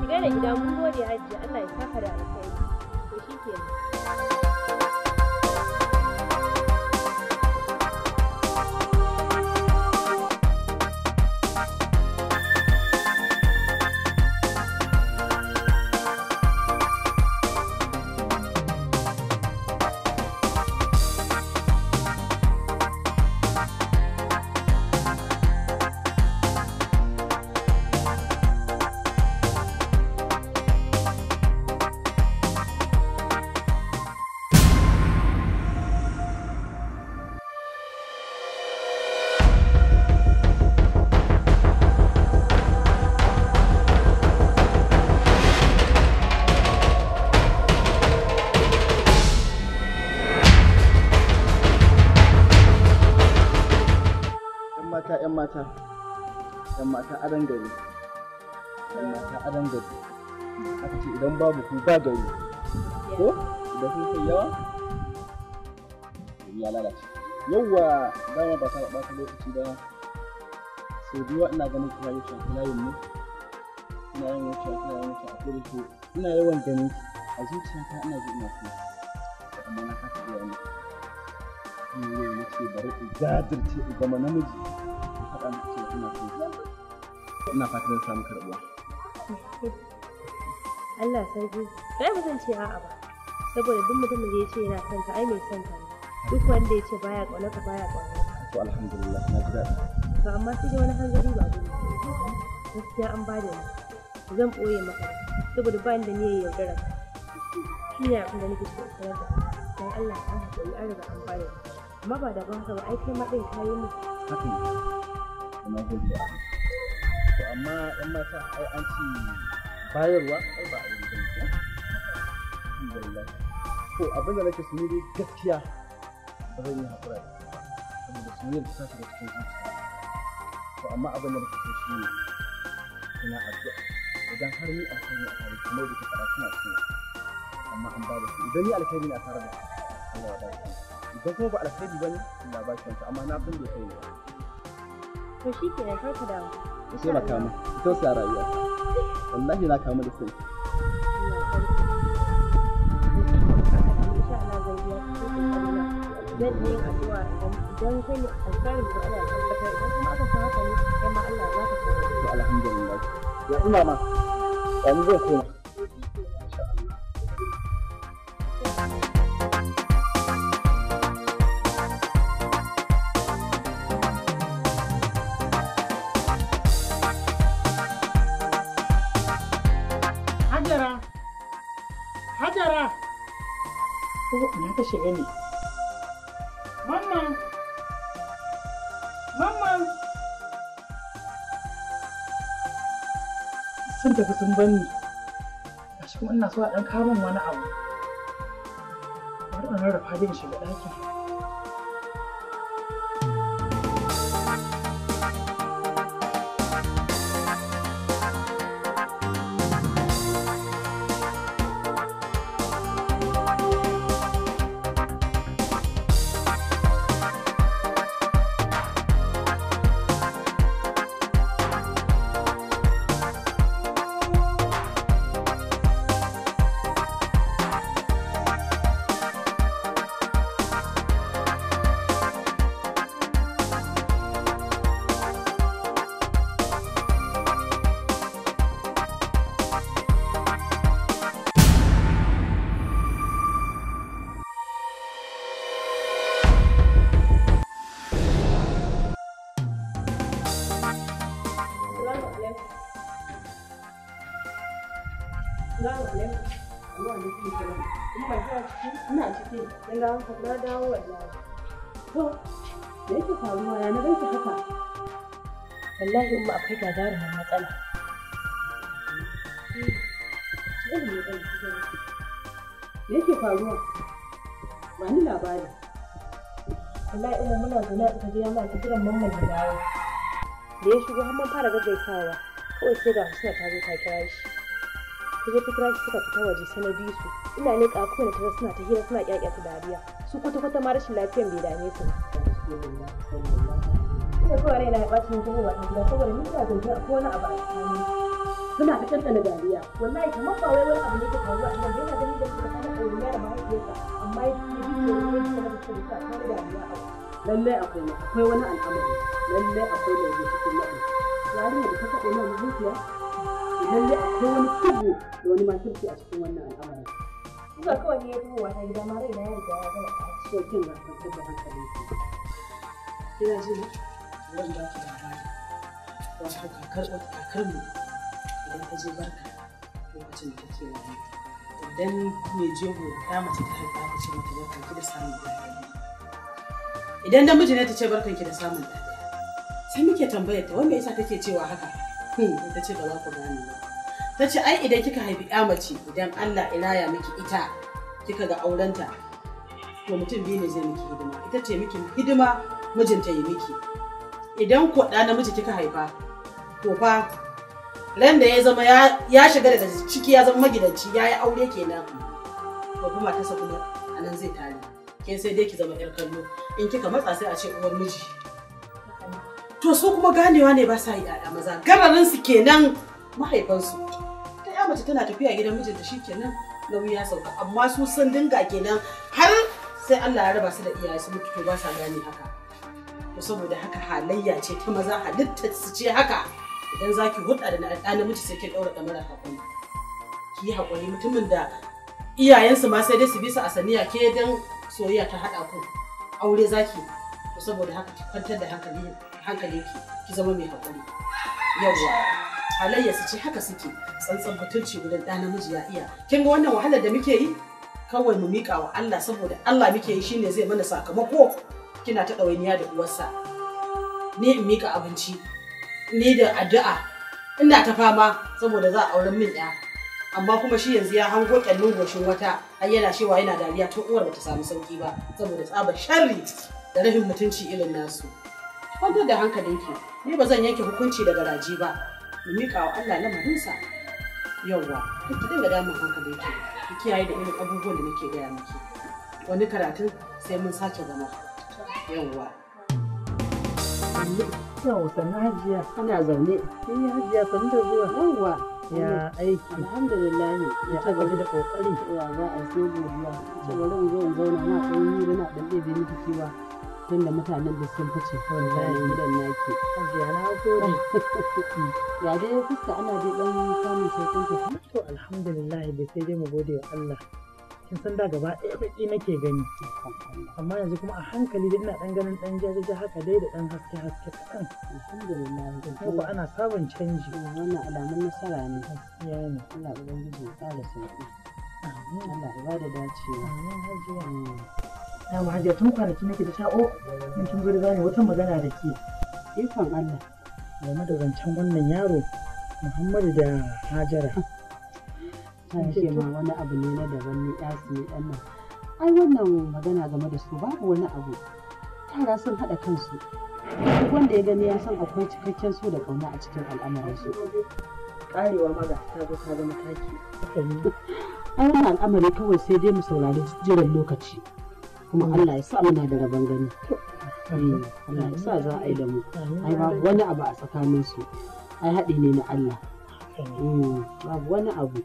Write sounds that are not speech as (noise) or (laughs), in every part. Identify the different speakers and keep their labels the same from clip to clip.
Speaker 1: shiga idan idan mun gode hajji Allah ya saka da alkhairi to shikenan
Speaker 2: mata yan mata yan mata aran gari yan mata aran gari aka ce idan babu ku ba gari ko idan kun sai yawa ya lalace yawwa dama ba ta ɓata lokaci ba sau biyu ina ganin kuma shafi layin mu ina yin wuce ina yin wuce a kodayaushe ina yawan ganin a zuciyata ina jin ina kuma amma na kasa biya muku shi ne ya ce bari in jajirce in zama namiji in faɗa miki cewa ina so ina fatan zan samu karɓuwa.
Speaker 1: Allah sarki kai ba zan ce a'a ba saboda duk mutumin da ya ce yana son ka ai mai son ka duk wanda ya ce baya ƙaunar ka baya ƙaunar ka.
Speaker 2: To alhamdulillah na ji daɗi.
Speaker 1: To amma sai da wani hanzari ba gudu gaskiya an bada ni zan ɓoye maka saboda ba da niyyar yaudara shi ne abin da nake so sanar da don Allah an haƙuri an riga an bada ni. amma ba da ban ba ai kai ma din kayi mu haka ne
Speaker 2: kuma gode to amma in ma sa ai an ci bayarwa ai ba ai yi ba eh? to abin da nake sani dai gaskiya ba zan yi hakura da saboda soyayyar ta saka da cikin zuciya to amma abin da nake so shi ne ina addu'a idan har ni a kan a tare kuma da kake fara suna so amma an ba da su idan ni alkhairi a tare da Allah ya ba dace idan kuma ba alkhairi ba ne ba ba shi amma na san da kai
Speaker 1: to shi ke kai ka da
Speaker 2: ku sai maka mu to sai rayuwa wallahi na kama da sai zan yi kai ne da tabbatar
Speaker 1: idan kuma aka san haka ne kai ma Allah
Speaker 2: za ka ya ina ma yanzu zan koma
Speaker 1: kika shiga ne mamman mamman sun tafi sun bani gashi kuma ina so ɗan kamun wani abu bari in rarrafa jin shiga ɗakin dawo na dawo wallahi to me yake faruwa ya na ganki haka wallahi in ma akwai gagarumar matsala me yake faruwa ba ni labari wallahi ina muna zaune a tsakar gida muna ta kiran mamman da dawo da ya shigo har mun fara gaggaisawa kawai sai ga Husna ta zo ta kira shi ta je ta kira su suka fita waje sai na bi su ina leƙa na tara suna ta hira suna ta dariya su kuta kuta ma rashin lafiyan bai dame su ba. Ina kawai raina ya ɓaci mutum wa ɗan gida saboda ni ta zaune ko wani abu a cikin suna ta ɗanɗana dariya wallahi kamar ba wai wani abu ne ke faruwa a nan yana gani da suka kana ɗauriya da mahaifiyarsa amma ya fi yi ne wani fi da suka ta kawai dariya a lallai akwai akwai wani al'amari lallai akwai mai cikin na'in yarinya da ta faɗi nan zuciya lalle akwai wani da wani makirci a cikin wannan al'amarin zuwa kawai ne ya fi wata gida ma rai na yau a cikin kin da hankali kina ji ba ki labari idan ta je barka lokacin da take idan mai jego ta mace ta haifa ta ce mata barkan ki da samun idan namiji ne ta ce barkan ki da samun lafiya sai muke tambayar ta wanda yasa take cewa haka ta ce ba za ku gane ba ta ce ai idan kika haifi ya mace idan Allah ya miki ita kika ga aurenta to mutum biyu ne zai miki hidima ita ce miki hidima mijinta yi miki idan ko ɗa namiji kika haifa to fa ran da ya zama ya shiga daga ciki ya zama magidanci ya yi aure kenan ko kuma ta kuma anan zai tare ke sai dai ki zama yar kallo in kika matsa sai a ce uwar miji To su kuma ganewa ne ba sa yi da maza. Gararin su kenan mahaifansu. Ta ya mace tana tafiya gidan mijinta shi kenan nauyi ya sauka amma su sun dinga kenan har sai Allah ya raba su da iyaye su mutu to ba sa gane haka. To saboda haka halayya ce ta maza halitta su ce haka. Idan za ki hudda da ɗan namiji sai ki ɗaura ɗamara haƙuri. Ki yi haƙuri mutumin da iyayensu ma sai dai su bi su a saniya ke dan soyayya ta haɗa ku. Aure zaki. Saboda haka ki kwantar da hankali Hankali ki ki zama mai hakuri yawwa halayya su ce haka suke tsantsan mutunci gudan da namiji ya iya kin ga wannan wahalar da muke yi kawai mu miƙa wa Allah saboda Allah muke yi shine zai mana sakamako kina ta ɗawainiya da uwarsa ni in mika abinci ni da addu'a ina ta fama saboda za a aure min ya amma kuma shi yanzu ya hango kyallin goshin wata ai yana cewa yana dariya to uwar bata samu sauki ba saboda tsabar sharri da rahin mutunci irin nasu. kwanto da hankalinki ni ba zan yanke hukunci daga raji ba mu miƙa wa Allah lamarinsa yawwa duk ki dinga damun hankalinki ki kiyaye da irin abubuwan da nake gaya miki wani karatun sai mun sace zama yawwa yawwa sannan hajiya ana zaune ya eh, hajiya sannan da zuwa yawwa ya aiki alhamdulillah ya ta gaba da kokari ya za a so gobe ya ce ba zan zo in zauna na ɗan yi na ɗan ɗebe miki kiwa tun da mutanen da sun ce kawai bayan gidan naki. Ajiya na gode. (laughs) Ya dai ya fuska ana dai ɗan samun ta fi. To alhamdulillah da sai dai mu gode wa Allah. Kin san da gaba ɗaya baƙi nake gani. Amma yanzu kuma a hankali da ina ɗan ganin ɗan jajaja haka dai da ɗan haske haske kaɗan. Alhamdulillah. Kuma ana sabon canji. Wannan alamun nasara ne. Gaskiya ne. Allah ubangiji ya ƙara sauƙi. Allah ya ba da dacewa. Amin hajiya. yawa hajiya tun kwanaki nake da sha'o in kin zo zani wata magana da ke ikon Allah game da zancen wannan yaro Muhammadu da Hajara ta ce ma wani abu ne na daban ne ya su ne nan ai wannan magana game da su babu wani abu yara sun haɗa kansu duk wanda ya gani ya san akwai cikakken so da ƙauna a cikin al'amuransu karewa maza ta zo ta zama taki ai wannan al'amari kawai sai dai mu saurari jiran lokaci kuma mm. Allah ya sa muna da rabon gani mm. Mm. Allah ya sa za a yi da mu ai babu wani abu a tsakanin su ai haɗi ne na Allah babu wani abu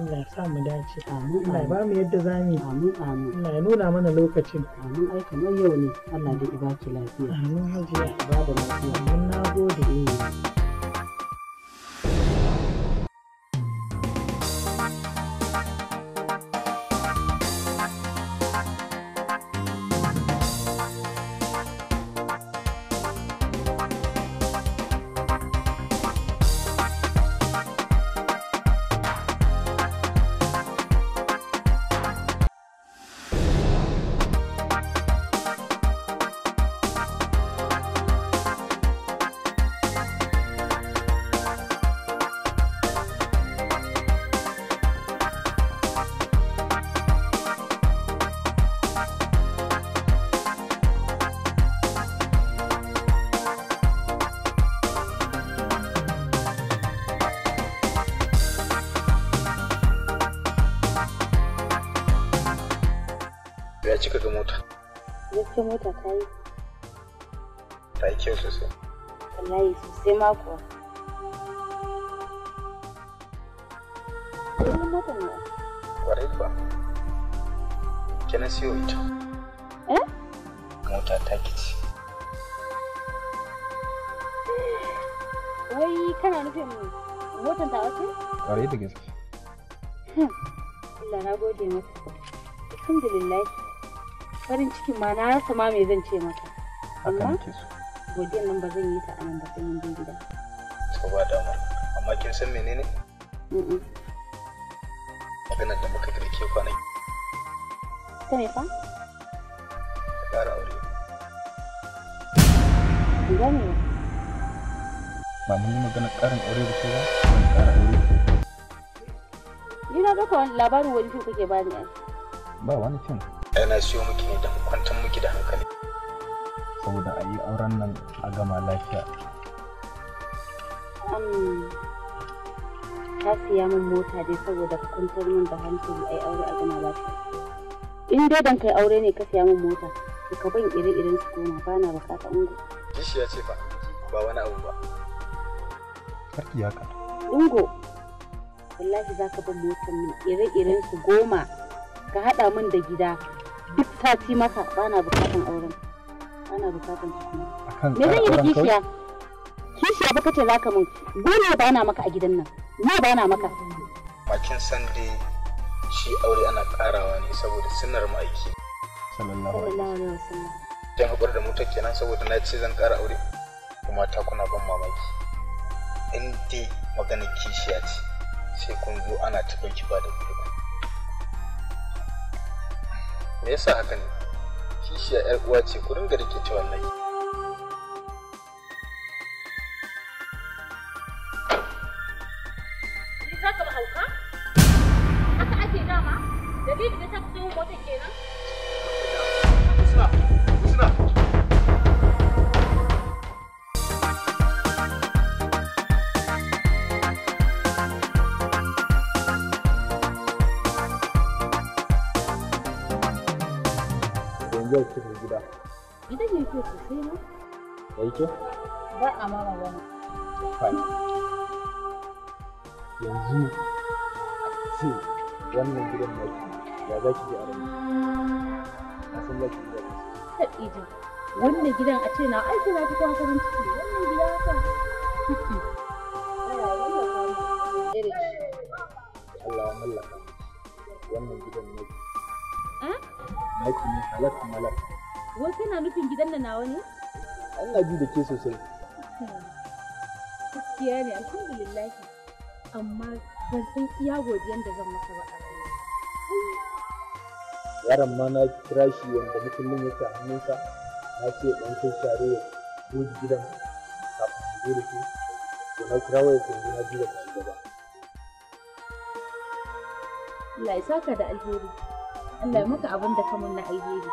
Speaker 1: Allah ya sa mu dace amin Allah ba mu yadda za mu amin amin Allah ya nuna mana lokacin amin ai kamar yau ne Allah da ibaki lafiya amin hajiya ba da lafiya mun nagode eh ita mota ta yi
Speaker 2: ta yi kyau sosai
Speaker 1: wallahi sosai mako kuwa kuɗin motar ne kwarai ba
Speaker 2: ke na siyo ita eh mota ta kici
Speaker 1: wai kana nufin motan ta wace
Speaker 2: kwarai da gaske
Speaker 1: Allah na gode maka alhamdulillah farin cikin ma na rasa ma me zan ce mata, amma godiyan nan ba zan yi ta anan ba sai mun je gida
Speaker 2: to ba mu amma kin san menene maganar da muka girke ke ta
Speaker 1: me fa ƙara aure gane
Speaker 2: ba mun yi magana ƙarin aure da shi ba ban ƙara aure
Speaker 1: Ina na ɗauka labarin wani fim kake bani ai
Speaker 2: ba wani fim yana siyo miki ne don kwantar miki da hankali saboda a yi auren nan a gama lafiya
Speaker 1: ta siya min mota dai saboda kwantar min da hankali a yi aure a gama lafiya in dai ban kai aure ne ka siya min mota ka ban iri-irin su koma ba na bukata ungo
Speaker 2: ya ce fa ba wani abu ba karki haka
Speaker 1: ungo wallahi za ka ban motar min ire-iren su goma ka haɗa min da gida duk sati maka na bukatan auren ba na bukatan ciki me
Speaker 2: zan yi da kishiya
Speaker 1: kishiya baka ce zaka mun gona na maka a gidan nan ba na bana maka
Speaker 2: makin san dai shi aure ana karawa ne saboda sunnar ma'aiki sallallahu
Speaker 1: alaihi wasallam
Speaker 2: dan hakuri da mutar kenan saboda na ce zan kara aure kuma ta kuna ban mamaki in dai magana kishiya ce sai kun zo ana ta ɗauki ba da kuɗi me yasa haka ne kishiya yar uwa ce ku ringa rikice wannan. yau ki da gida
Speaker 1: ke su sosai ne da yake ba a ma magana
Speaker 2: yanzu a ce wannan gidan da ke ya za ki ji a rami. na san za ki ji da
Speaker 1: ji. wannan gidan a ce na aiki na ki kwa farin ciki wannan gida ta. haka
Speaker 2: naki ne halak malak
Speaker 1: wai kana nufin gidan da nawa ne Allah
Speaker 2: ji da ke sosai
Speaker 1: gaskiya ne alhamdulillah amma ban san iya godiyan da zan masa ba
Speaker 2: yaron ma na kira shi wanda mutumin yake a hannunsa na ce ɗan kai share ya goji gidan kafin su zo da shi to na kira waya kan gina biyu da shi
Speaker 1: Allah ya saka da alheri. Allah ya maka abin da kamun na alheri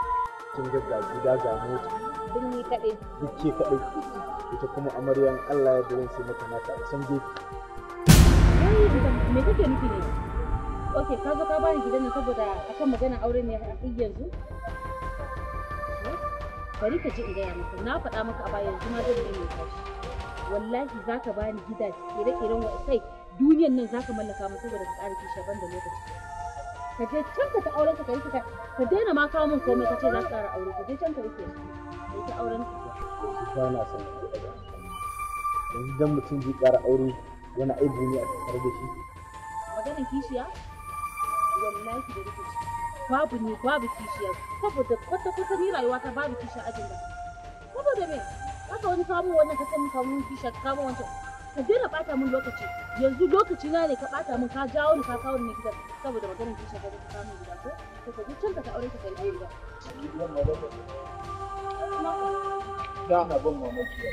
Speaker 2: kin ga gida ga mota duk ni kaɗai duk ke kaɗai ita kuma amaryan Allah ya dole sai mata nata a can gefe
Speaker 1: me kake nufi ne ok ka zo ka bani gidan ne saboda kan magana aure ne a yanzu eh, bari ka ji in gaya maka na faɗa maka a baya yanzu ma zan yi mai tashi wallahi za ka bani gida ire-iren wa kai duniyan nan za ka mallaka mu saboda ka ƙara kishe ban da lokaci ka je can ka ta auren ka kai ka ka daina ma kawo min komai ka ce za ka ƙara aure ka je can ka rike shi
Speaker 2: ka auren ka ba na son yanzu dan mutum zai ƙara aure yana aibu ne a tattare da shi
Speaker 1: maganar kishiya wallahi da rike babu ni babu kishiya saboda kwata-kwata ni rayuwata, babu kishiya ajin da saboda me haka wani kamo wannan ka san kamo kishiya kamo wancan ka daina bata min lokaci yanzu lokaci na ne ka bata min ka jawo ni ka kawo ni gidan saboda maganar kishin ka ka samu gida ko to ka can ka aure ka kai gida
Speaker 2: da na ban mamaki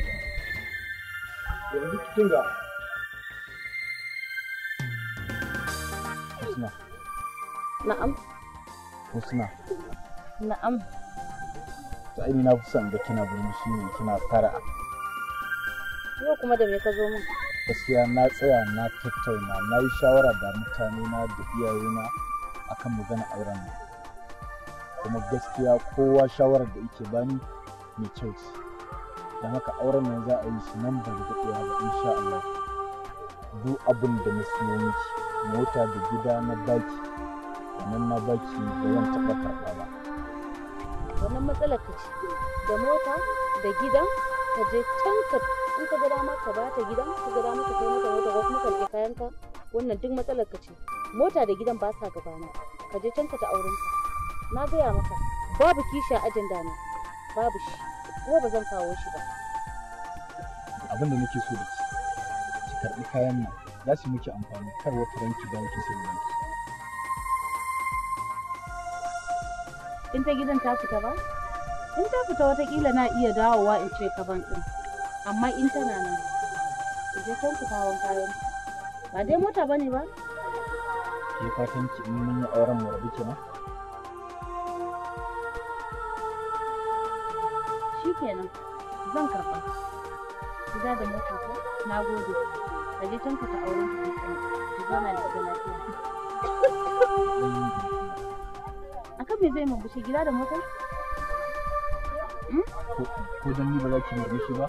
Speaker 2: yanzu kin ga Husna Na'am Husna Na'am Ta ina na fi ga kina burmushi ne kina fara'a
Speaker 1: Yau kuma da me ka zo min?
Speaker 2: Gaskiya na tsaya na tattauna na yi shawara da mutane na da iyayena akan magana auren nan. Kuma gaskiya kowa shawarar da yake bani mai kyau ce. Don haka auren nan za a yi shi nan ba da daɗewa ba insha Allah. Duk abin da na siyo miki mota da gida na baki nan na baki da zan taɓa karɓa ba.
Speaker 1: Wannan matsalar ka ce da mota da gidan ka je can ka in ka ga dama ba ta gidan ka gada dama ka kai mata mota ko kuma ka je kayan ka wannan duk matsalar ka ce mota da gidan ba sa gabana ka je can ka ta auren ka na gaya maka babu kisha ajanda dana babu shi kuma ba zan kawo shi ba
Speaker 2: abin da nake so da ki ki karbi kayan nan za su miki amfani kar wata ranki da ki sai ranki
Speaker 1: in ta gidan ta fita ba in ta fita watakila na iya dawowa in ce ka ban din amma in tana nan je can ku kawon kayan ba dai mota bane ba
Speaker 2: ke fatan ki in mun yi auren mu rabu kenan
Speaker 1: shikenan zan karɓa gida da mota ko na gode ka je can ku ta auren ku ki zauna da ita lafiya akan me zai bushe gida da mota
Speaker 2: ko dan ni ba za ki murmushi ba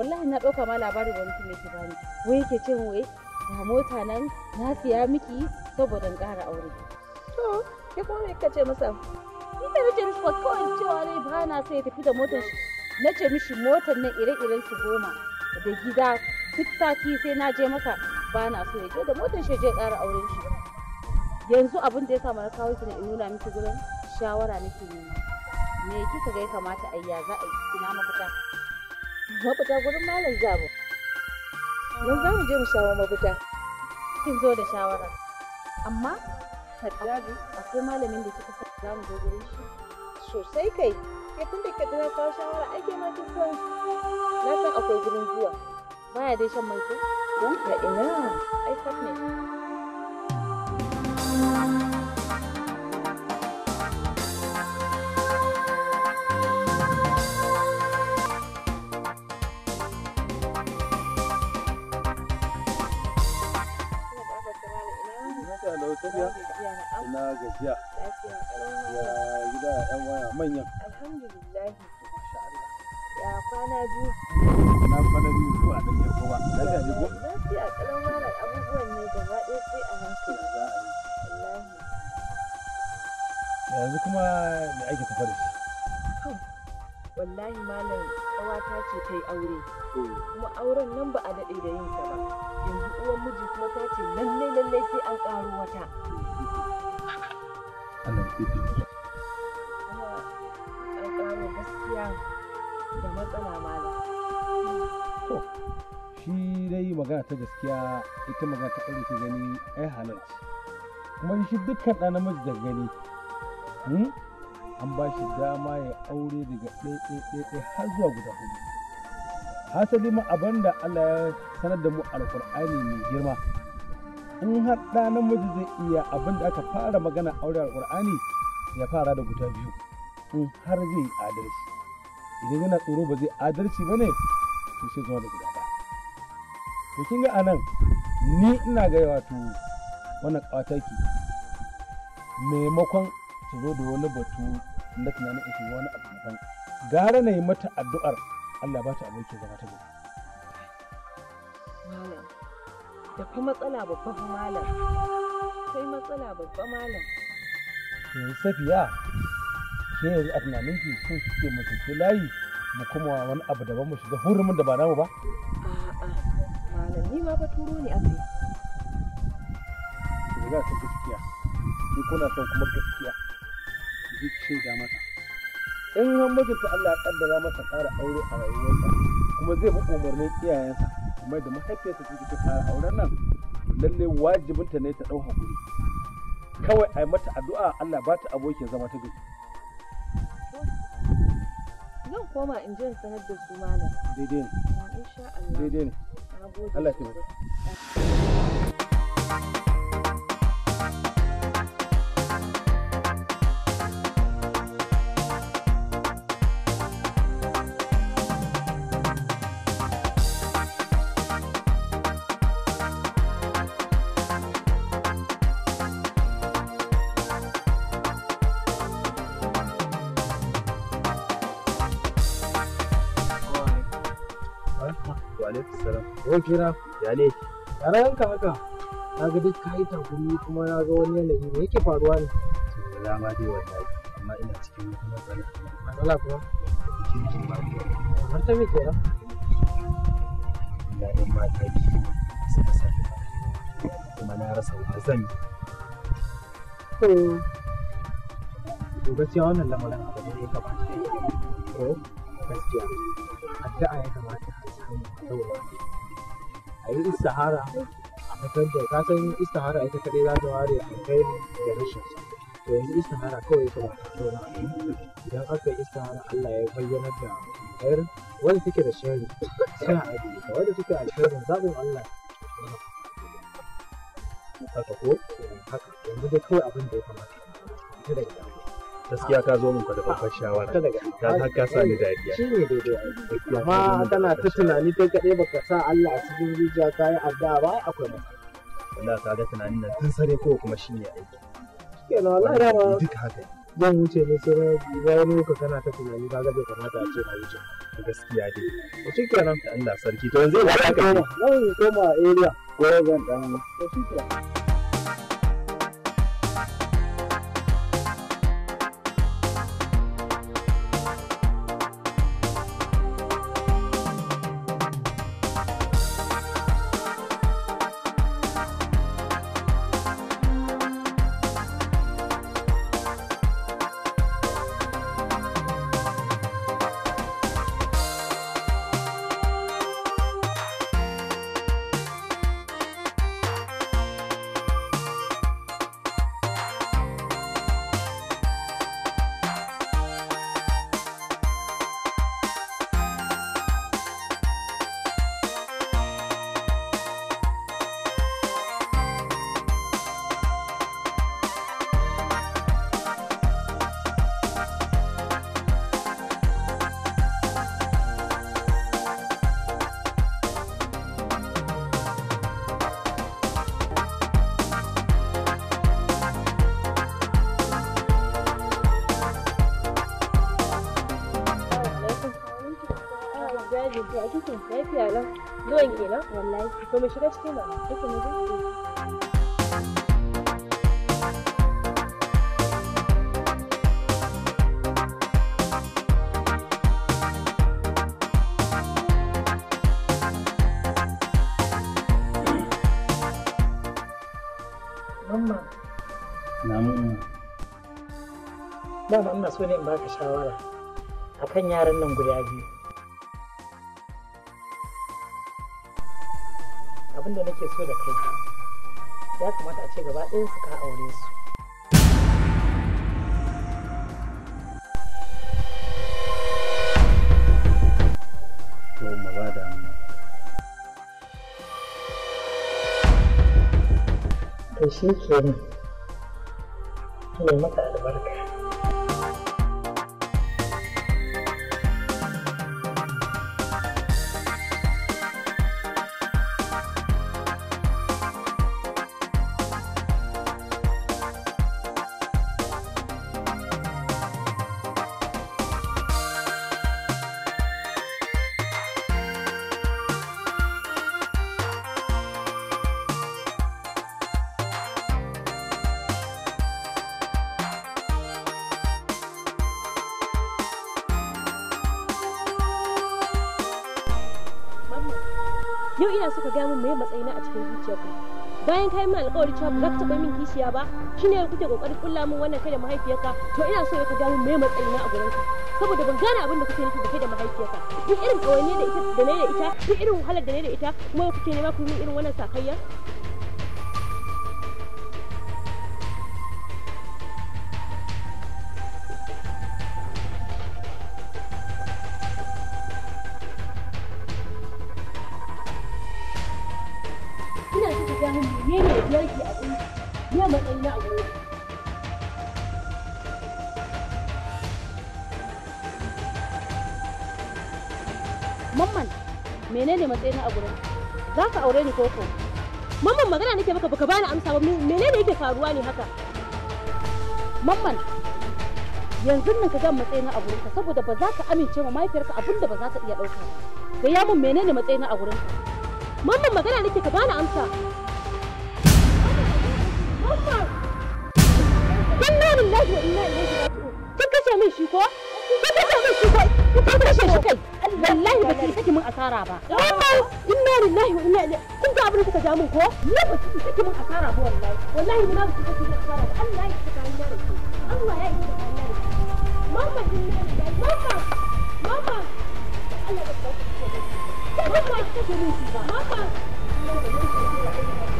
Speaker 1: wallahi na ɗauka ma labarin wani mutum yake bani wai yake cin wai ga mota nan na siya miki saboda in ƙara aure to ke kuma me kace masa ni ta rage mishi ba kawai cewa ne ba na sai ya tafi da motar shi na ce mishi motar nan ire-iren su goma da gida duk sati sai na je masa ba na so ya je da motar shi je ƙara auren shi yanzu abin da ya sa mana kawo ki na in nuna miki gurin shawara nake nema me kika ga ya kamata a yi ya za a yi ina mafita mafita gurin malam zamu yanzu za mu je mu shawo mafita kin zo da shawara amma Haddadu akwai malamin da kika sani za mu zo gurin shi sosai kai ke tun da kaji kawo shawara ake ma kin na san akwai gurin zuwa baya dai shan mai ko ka ina ai ne
Speaker 2: lafiya lau tafiya ina gajiya ya gida yan waya manyan alhamdulillah ya kwana biyu na kwana biyu ko a ɗanye ko ba lafiya ne ko lafiya ƙalan malam abubuwan ne gaba ɗaya sai a hankali za a yi yanzu kuma me ake tafa da shi
Speaker 1: wallahi malam kawata ce ta yi aure oh. kuma auren nan ba a daɗe da yin sa ba yanzu uwan miji kuma ta ce lalle lalle sai an ƙaro wata kuma an ƙaro gaskiya da matsala malam
Speaker 2: shi dai magana ta gaskiya ita magana ta ɗari ta gani ai halarci kuma shi dukkan ɗan namiji da gani hmm? an ba shi dama ya aure daga ɗaiɗaiɗaiɗai har zuwa guda hudu hasali ma abin da allah ya sanar da mu alkur'ani mai girma in har ɗa namiji zai iya abin da aka fara magana aure Alƙur'ani ya fara da guda biyu in har zai adalci idan yana tsoro ba zai adalci ba ne to sai zama da guda ɗaya to kin ga anan ni ina ga wato wannan ƙawataki maimakon ta zo da wani batu na tunanin in wani abu daban gara na yi mata addu'ar Allah ba ta ke zama ta zo.
Speaker 1: malam da kuma matsala babban malam sai matsala babban malam
Speaker 2: yanzu safiya ke yanzu a tunanin ki so kike mu ke layi mu kuma wani abu daban mu shiga hurumin da ba namu ba a'a
Speaker 1: malam ni ma ba turo ne a kai
Speaker 2: ki ga ta gaskiya ni kuna son kuma da mata in har mijinta Allah ya kaddara masa ƙara aure a rayuwarsa kuma zai bi umarnin iyayensa kuma da mahaifiyarsa take ta fara auren nan lalle wajibinta ne ta dauka hakuri kawai ai mata addu'a Allah ba ta abokin zama ta gari
Speaker 1: zan koma in je in sanar da su malam daidai ne daidai ne Allah ya taimaka thank you
Speaker 2: kira ya ne a rayanka haka na ga duk kayi takumi kuma na ga wani yanayi da yake faruwa ne Ya da ma dai amma ina cikin wata matsala matsala kuma kirkin ba kamar ta me kenan ina ma ta biyu suka sani kuma na rasa wata zan to ko gaskiya wannan lamarin abu ne ya kamata ko gaskiya addu'a ya kamata a samu saboda a yi istihara a fitar da ka san istihara ita kaɗai za ta ware kai da rashin to yanzu istihara kawai ta ba tattauna idan aka yi istihara Allah ya bayyana da ƙayar wanda take da shari suna a ajiye wanda take shirin zaɓin Allah haka ko haka yanzu dai kawai abin da ya kamata ita daga gaskiya ka zo min da babbar shawara ta ta ka sa ni dariya shi ne daidai amma kana ta tunani kai kaɗai baka sa Allah a cikin zuciya ka yi addu'a ba akwai matsala wallahi ka ga tunanin nan tun sare ko kuma shi ne aiki kenan wallahi dama duk haka zan wuce ne sai na ba wani ka kana ta tunani ka ga bai kamata a ce na wuce gaskiya dai to shi kenan Allah sarki to yanzu ba ka koma zan koma area ko zan dan to shi kenan
Speaker 1: Zuwan kenan? Wallahi. To mu shiga cikin ba. ina so ne in baka shawara akan yaran nan guda biyu abin da nake so da kai ya kamata a ce gaba ɗaya su
Speaker 2: ka aure su to shi kenan
Speaker 1: yau ina so ka gaya min matsayi matsayina a cikin zuciyarka bayan kai min alƙawari cewa ba ka taɓa min kishiya ba shine kuke kokarin kulla min wannan kai da mahaifiyarka to ina so ka gaya min matsayi na a gurin ka saboda ban gane abin da kuke nufi da kai da mahaifiyarka duk irin ƙawaine da ita da ne da ita duk irin wahalar da ne da ita kuma kuke nema ku yi irin wannan sakayya mamman yanzu nan ka ga matsayin a gurinka saboda ba za ka amince ma mahaifiyarka abin da ba za ka iya ɗauka ba ga mun menene matsayin a gurinka mamman magana nake ka bani amsa mamman inna lillahi wa inna kin kashe min shi ko kashe min shi ko kashe shi kai wallahi ba ki saki min asara ba inna lillahi wa inna ilaihi kun ga abin da kuka ja min ko ba ki saki min asara ba wallahi wallahi ba ki saki min asara ba Allah ya saka ni Allah ya yi mama mama mama Allah ya saka mama mama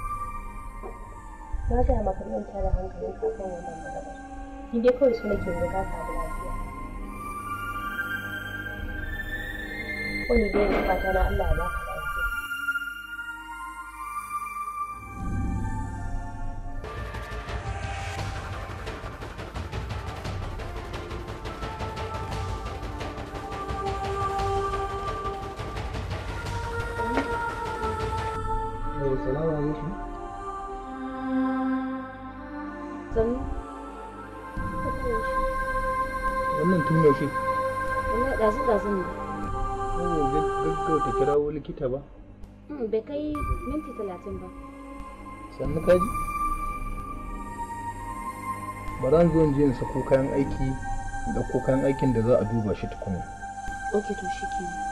Speaker 1: na gaya maka ɗan tara hankalin ka kan wannan magana shi dai kawai su nake ga ka samu lafiya ko ni dai fata na Allah ya baka
Speaker 2: kirawo likita ba?
Speaker 1: Hmm, bai kai minti talatin ba.
Speaker 2: Sannu kaji? Bara zo in je in sako kayan aiki da ko kayan aikin da za a duba shi tukuna.
Speaker 1: Ok to shi kenan.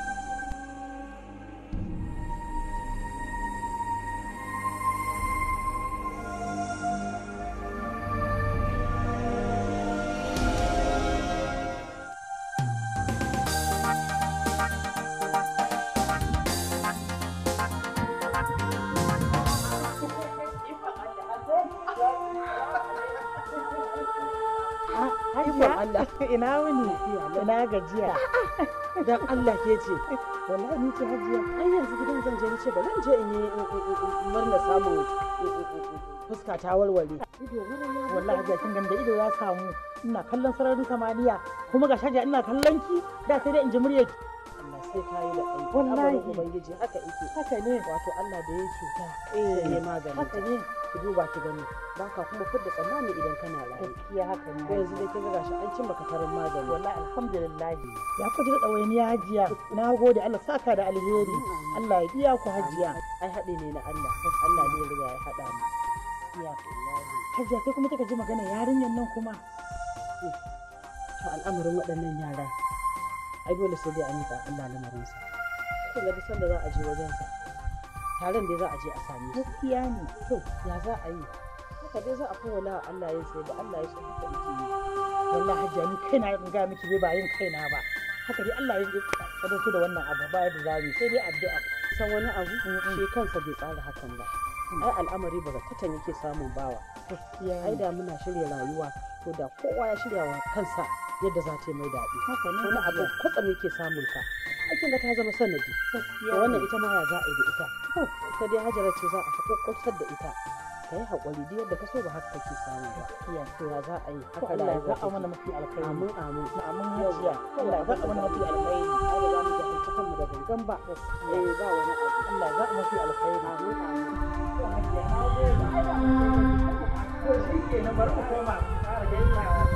Speaker 1: hajiya dan Allah ke ce wallahi ni ce hajiya ai yanzu gidan zan je ni ce ba zan je in yi murna samun fuska ta walwale wallahi ga kin ganda ido ya samu ina kallon sararin samaniya kuma ga shaja ina kallon ki da sai dai in ji muryar ki Allah sai ka yi da aiki wallahi ubangiji haka yake haka ne wato Allah da yake eh. ta sai magani haka ne ki duba ki gani ba ka kuma fidda tsammani idan kana raye gaskiya haka ne yanzu dai kin ga shi an cin baka farin magani wallahi alhamdulillah ya ku ji dawayin ya hajiya na gode Allah saka da alheri Allah ya biya ku hajiya ai hade ne na Allah Allah ne ya riga ya hada mu ya hajiya kai kuma kika ji magana yarinyar nan kuma eh, to al'amarin waɗannan yara ai dole sai dai yi miƙa Allah lamarinsa kin ga san da za a je sa taron da za a je a sami gaskiya ne to ya za a yi haka dai za a kowa lawa Allah ya sai da Allah ya so haka yi wallahi hajjia ni kaina in ga miki dai ba yin kaina ba haka dai Allah ya ku da wannan abu ba da zamu sai dai addu'a san wani abu mm, mm. shi kansa bai tsara hakan ba mm. ai al'amari ba katan yake samun bawa ai da muna shirya rayuwa to da kowa ya shirya wa kansa yadda za ta yi mai daɗi wani abu kwatsam yake samun ka aikin da ta zama sanadi wannan ita ma ya za a yi da ita ita dai hajara ce za a haƙoƙotar da ita ka yi haƙuri duk yadda ka so ba haka kake samu ba Ya to ya za a yi haka Allah ya a mana mafi alkhairi amin amin amin hajiya Allah ya zaɓa mana mafi alkhairi ai ba za mu ga cikin da gangan ba eh ba wani abu Allah ya zaɓa mafi
Speaker 2: alkhairi amin amin to shi ke na bar ku koma ƙara gaisa